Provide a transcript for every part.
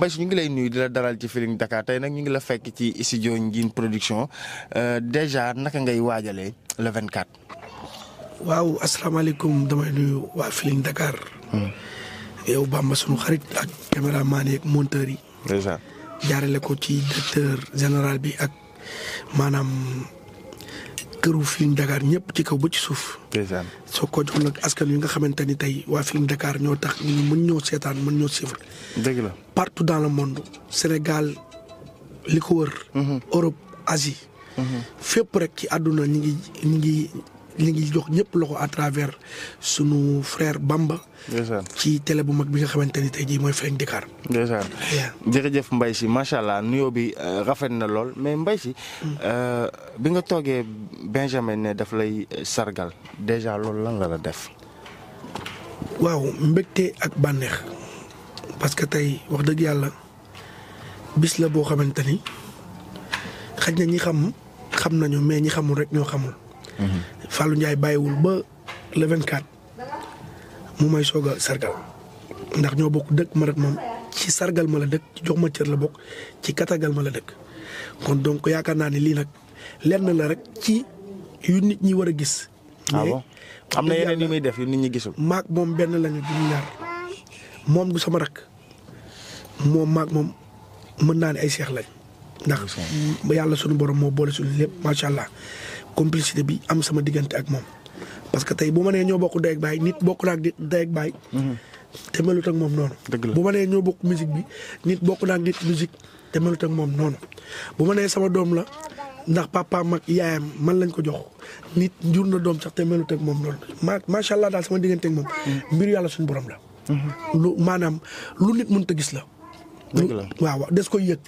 Mbaye ñu ngi lay nuyu di la dalal ci Feeling Dakar tey nag ñu ngi la fekk ci studio Ndine Production euh, déjà naka ngay waajalee le 24. waaw asalaamaaleykum damay nuyu waa Feeling Dakar. Hmm. yow Bamba sunu xarit ak caméraman yi ak monteur yi. déjà ko ci directeur général bi ak maanaam. këru Feeling Dakar ñëpp ci kaw ba ci suuf. soo ko jox nag askan wi nga xamante ni tey waa Dakar ñoo tax ñu ñoo seetaan mën ñoo suivre. dëgg la partout dans le monde Sénégal li ko wër. Mhm. Europe Asie. Mhm. fépp rek ci àdduna ñi ngi ñi ngi li ngi jox ñëpp loxo à travers sunu frère Bamba. ci tele bu mag bi nga xamante ni tey jii mooy Feeñ Dakar. ndeysaan jërëjëf Mbaye Sy macha allah nuyoo bi euh, rafet na lool mais Mbaye Sy. Mm. Euh, bi nga toogee Benjamin ne daf lay euh, sargal déjà loolu lan la la def. waaw mbégte ak bànneex parce que tey wax dëgg yàlla bis la boo xamante ni xaj na ñi xam xam nañu mais ñi xamul rek ñoo xamul. Mm-hmm. Fallou Ndiaye bàyyiwul ba le 24 mu may soog a sargal ndax ñoo bokk dëkk ma rek moom ci sargal ma la dëkk ci jox ma cër la bokk ci katagal ma la dëkk. kon donc yaakaar naa ni lii nag lenn la rek ci yu nit ñi war a gis. ah am na yeneen yu muy def yu nit ñi gisul. maag moom benn lañu duñu ñaar moom du sama rak moom maag moom mën naa ne ay seex lañ. ndax yàlla sunu borom moo boole suñu lépp macha allah complicité bi am sama diggante ak moom parce que tey bu ma nee ñoo bokk day ak baay nit bokk naa ak day ak baay. te melut ak moom noonu. bu ma nee ñoo bi nit bokk naa ak nit musique te melut moom noonu bu ma sama doom la. ndax papa mag yaayam man lañ ko jox nit njur na doom sax te melut ak moom loolu ma macha allah daal sama diggante ak moom. Mhm. mbiru yàlla suñ borom la. Mhm. lu maanaam lu nit mënta gis la. dëgg la waaw des ko yëg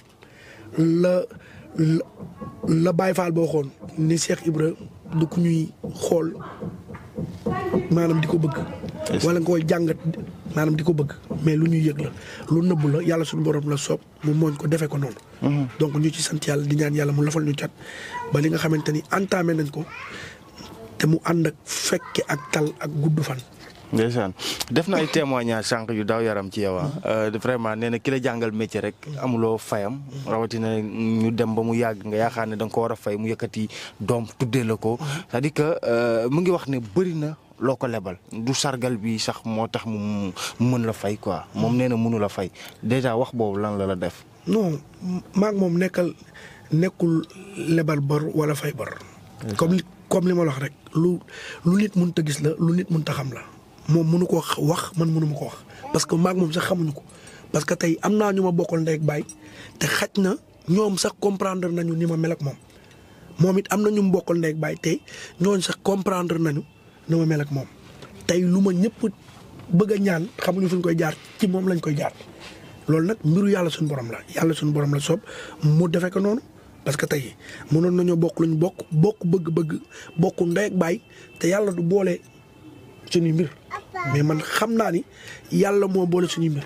la la Baye Fall boo xoon ni Cheikh Ibra du ku ñuy xool maanaam di ko bëgg. wala nga koy jàngat maanaam di ko bëgg. mais lu ñuy yëg la lu nëbbu la yàlla suñu borom la soob mu mooñ ko defee ko noonu. Mm-hmm. donc ñu ci sant yàlla di ñaan yàlla mu lafal ñu cat ba li nga xamante ni entamé nañ ko te mu ànd ak fekke ak tal ak gudd fan. ndeysaan def na ay témoignage sànq yu daw yaram ci yow ah. euh, vraiment nee na ki la jàngal métier rek amuloo fayam rawatina ñu dem ba mu yàgg nga yaakaar ne danga ko war a fay mu yëkkati doom tuddee la ko c'est-à-dire que euh, mu ngi wax ne bëri na loo ko lebal du sargal bi sax moo tax mu mën la fay quoi moom nee na mënu la fay déjà wax boobu lan la la def. non maag moom nekkal nekkul lebal bër wala fay bor. comme li comme li ma la rek lu lu nit mënta gis la lu nit mënta xam la. moom mënu ko wax man mënu ma ko wax parce que maag moom sax xamuñu ko parce que tey am naa ñu ma bokkal ndey ak baay te xaj na ñoom sax comprendre nañu ni ma mel ak moom moom it am na ñu mu bokkal baay tey ñooñ sax comprendre nañu ni mel ak moom tey lu ma ñëpp bëgg a ñaan xamuñu fu ñu koy jaar ci moom lañ koy jaar loolu nag mbiru yàlla suñu borom la yàlla suñu borom la soob mu defe ko noonu parce que tey mënoon nañoo bokk luñ bokk bokk bëgg-bëgg bokk ndey ak baay te yàlla du boole suñuy mbir. mais man xam naa ni yàlla moo boole suñu mbir.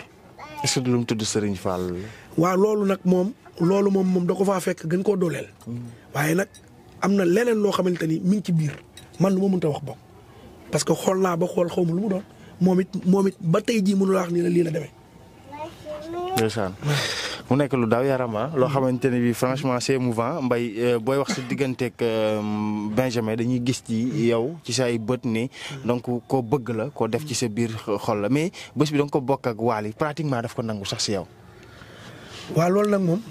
est-ce que lu mu tudd Serigne Fall. waaw loolu nag moom loolu moom moom da ko faa fekk gën koo dooleel. waaye nag am na leneen loo xamante ni mi ngi ci biir man nu ma mënta wax bokk. parce que xool naa ba xool xaw ma lu mu doon moom it moom it ba tey jii mënul ak nii la lii la demee. mu nekk lu daaw yaram ah. loo xamante ne bi franchement c'est émouvant Mbaye euh, booy wax sa digganteeg euh, Benjamin dañuy gis ci yow ci say bët ni donc ko bëgg la koo def ci sa biir xol la mais bés bi da ko bokk ak waal pratiquement daf ko nangu sax si yow. loolu nag moom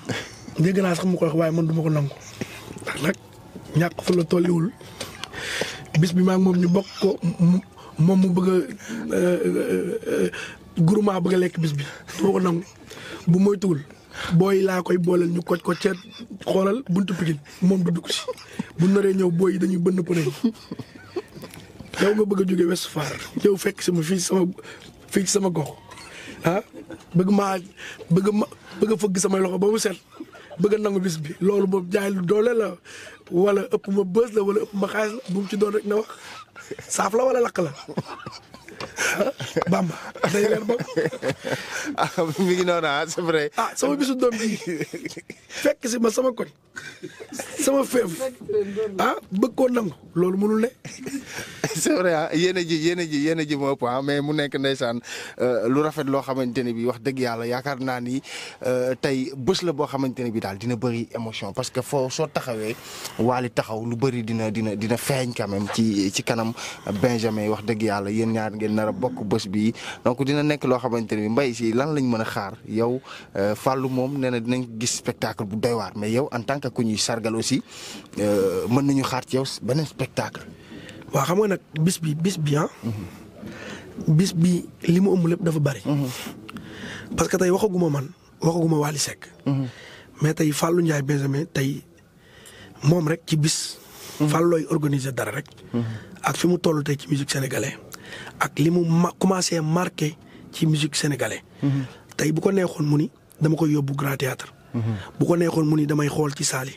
naa sax mu waaye man du ma ko nangu ndax nag ñàkk fu la tolliwul bis bi maag moom ñu bokk ko moom mu bëgg a euh, groupement bëgg a lekk bis bi du ma ko nangu bu moytuwul booy laa koy booleel ñu koj ko ceeb xoolal buntu Pikine moom du dugg si bu naree ñëw booy yi dañuy bënn pëne yow nga bëgg a jóge West Far yow fekk sama fii sama fii ci sama gox ah bëgg maa bëgg ma bëgg a fëgg samay loxo ba mu set bëgg a nangu bis bi loolu boobu jaay lu doole la wala ëpp ma bës la wala ëpp ma xaalis la bu ci doon rek na wax saaf la wala lakk la Bamba day reer ba. ah mi ngi noonu ah c'est ah, sama bisu doom bi fekk si ma sama koñ sama feef ah bëgg koo nangu loolu mënul ne. c'est vrai ah ji yéen a ji yéen ji moo ëpp ah, mais mu nekk ndeysaan euh, lu rafet loo xamante ne bi wax dëgg yàlla yaakaar naa ni euh, tey bés la boo xamante ne bi daal dina bëri émotion parce que foo soo taxawee waali taxaw lu bëri dina dina dina feeñ quand ci ci kanam Benjamin wax dëgg yàlla yéen ñaar ngeen nar a bokk bës bi donc dina nekk loo xamante ne bi mbay si lan lañ mën a xaar yow euh, Fallou moom nee na dinañ gis spectacle bu doy waar mais yow en tant que ku ñuy sargal aussi mën nañu xaar ci yow beneen spectacle. waa xam nga nag bis bi bis bi ah. bis bi li mu ëmb lépp dafa bari. parce que tey waxaguma man waxaguma Wally Seck. mais tey Fallou Ndiaye Benjamin tey moom rek ci bis. Fallou looy organiser dara rek. ak fi mu toll tey ci musique sénégalais ak li mu ma commencé marqué ci musique sénégalais. tey bu ko neexoon mu ni dama koy yóbbu grand théâtre bu ko neexoon mu ni damay xool ci saali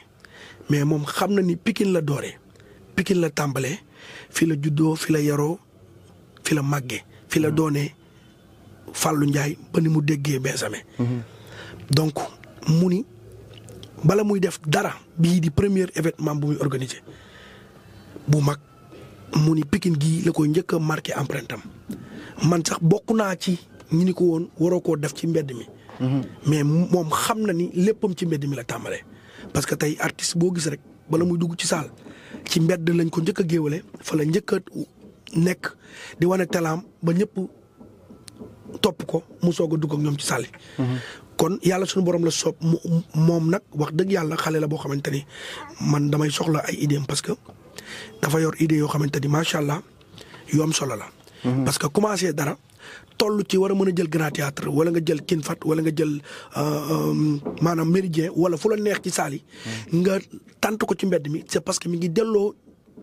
mais moom xam na ni Pikine la dooree Pikine la tàmbalee. fi la juddoo fi la yaroo fi la màggee fi la mm-hmm. doonee Fallou Ndiaye ba ni mu déggee Benjamin mm-hmm. donc mu ni bala muy def dara bii di premier événement bu muy organisé bu mag mu ni Pikine gii la koy njëkk a marqué empreinte am man sax bokk naa ci ñu ni ko woon waroo koo def ci mbedd mi. Mm-hmm. mais moom xam na ni léppam ci mbedd mi la tàmbalee. parce que tey artiste boo gis rek bala muy dugg ci saal ci mbedd lañ ko njëkk a géewale fa la njëkk nekk di wane talaam ba ñëpp topp ko mu soog a dugg ak ñoom ci sàlli kon yàlla suñu borom la soob mu moom nag wax dëgg yàlla xale la boo xamante ni man damay soxla ay idéem parce que dafa yor idée yoo xamante ni macha allah yoom am solo la. Mhm. parce dara. toll ci war a mën a jël grand théâtre wala nga jël kin fat wala nga jël euh, euh, maanaam méridien wala fu la neex ci saal nga tant ko ci mbedd mi c'est parce que mu ngi delloo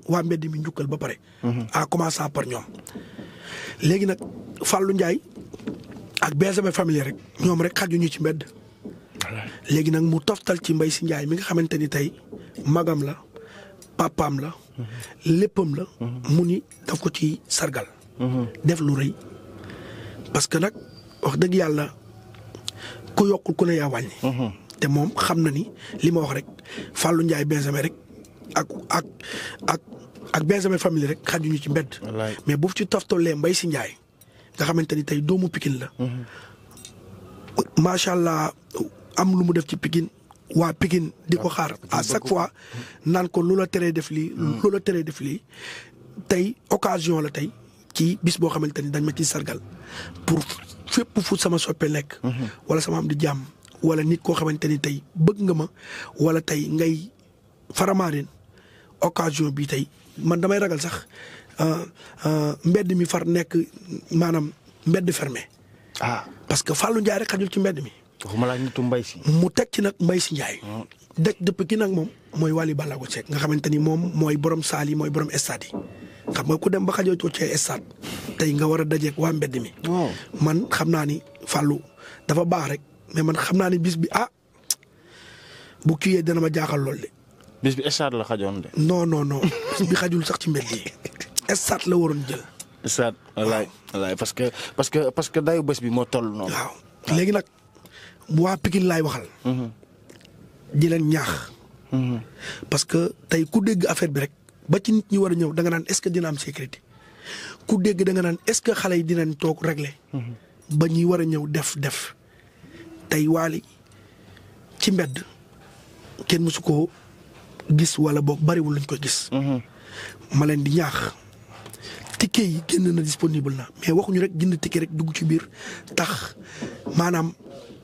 waa mbedd mi njukkal ba pare mhm. à commençant par ñoom léegi nag Fallou Ndiaye ak BSB famille rek ñoom rek xajuñu ci mbedd léegi nag mu toftal ci Mbaye si Ndiaye mi nga xamante ni tey magam la papaam la mhm. léppam la mhm. mu ni daf ko ci sargal def lu rëy parce que nag wax dëgg yàlla ku yokkul ku ne yaa wàññi. Mhm. te moom xam na ni li ma wax rek fàllu Ndiaye Benjamin rek ak ak ak ak Benjamin famille rek xajuñu ci mbedd. mais bu ci toftalee Mbaye si Ndiaye nga xamante ni tey doomu pikin la. Mhm. macha allah am lu mu def ci Pikine waa Pikine di ko xaar à chaque fois naan ko lu teree def lii. Mhm. lu la teree def lii tey occasion la tey. ci bis boo xamante ni dañ ma ciy sargal pour fépp fu sama soppe nekk. wala sama am di jàmm wala nit koo xamante ni tey bëgg nga ma wala tey ngay faramaareen occasion bi tey man damay ragal sax euh, euh, mbedd mi far nekk maanaam mbedd fermé. ah parce que Fallou Ndiaye rek xajul ci mbedd mi. waxuma laa nitu mbay si. mu teg ci nag mbay si Ndiaye. Mm. dëkk dëpp ki nag moom mooy Wally Ballago Seck nga xamante ni moom mooy borom saal yi mooy borom stade xam nga ku dem ba xajoo ci stade tey nga war a dajeek waa mbedd mi. man xam naa ni Fallou dafa baax rek mais man xam naa ni bis bi ah bu kii dana ma jaaxal lool de. bis bi stade la xajoon de. non sax ci mbedd yi stade la waroon jël. stade wallaay wallaay parce que parce que parce que dayu bés bi moo toll noonu. waaw léegi nag waa Pikine laay waxal. Mhm. di ñaax. Mhm. parce que tey ku dégg affaire bi rek. ba ci nit ñi war a ñëw danga nga naan est-ce que dina am sécurité ku dégg da nga naan est-ce que xale yi dinañ toog régler. ba ñuy war a ñëw def def tey waali ci mbedd kenn mësu koo gis wala boog bariwul luñ ko gis. ma leen di ñaax ticket yi génn na disponible na mais waxuñu rek jënd ticket rek dugg ci biir tax maanaam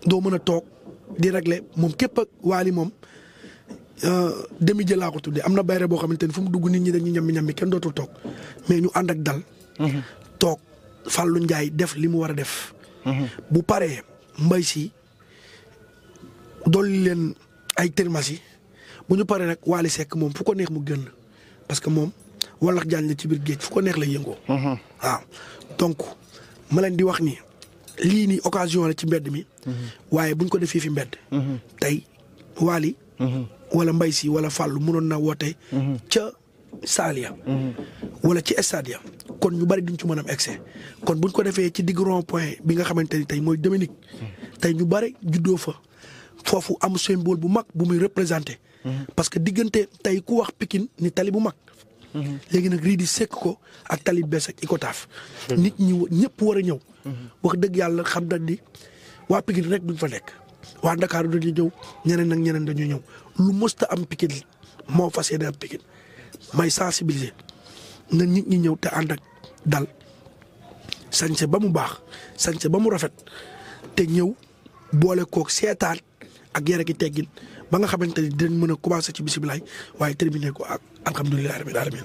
doo mën a toog di régler moom képp ak waali moom. Euh, demi jël laa ko tuddee am na bayre boo xamante ni fu mu dugg nit ñi dañuy ñambi ñambi kenn dootul toog mais ñu ànd ak dal. Mhm. toog Fallou Ndiaye def li mu war a def. Mhm. bu paree mbay si dolli leen ay termas yi bu ñu paree nag Waly sekk moom fu ko neex mu gën parce que moom walax jaañ la ci biir géej fu ko neex la yëngoo. Mhm. waaw donc ma leen di wax ni lii nii occasion la ci mbedd mi. waaye buñ ko defee fi mbedd. tey Waly. wala mbay si wala fàllu mënoon na woote. Mhm. ca Saalia. Mhm. wala ci stade ya kon ñu bari duñ ci mën am excès kon bu buñ ko defee ci digg rond point bi nga xamante ni tey mooy Dominique. Mhm. tey ñu bari juddoo fa foofu am symbole bu mag bu muy représenté. parce que diggante tey ku wax pikin ni tali bu mag. léegi nag rii di sëkk ko ak tali bees ak Icotaf. nit ñi ñëpp war a ñëw. wax dëgg yàlla xam na ni waa Pikine rek duñ fa nekk. waa Dakar dañuy ñëw ñeneen ak ñeneen dañuy ñëw lu mësta am Pikine moo fas yéene am Pikine may sensibiliser na nit ñi ñëw te ànd ak dal sañse ba mu baax sañse ba mu rafet te ñëw boole kook seetaan ak yére gi teggin ba nga xamante ni dinañ mën a commencé ci bisimilaay waaye terminé ko ak alhamdulilah rabbil alamin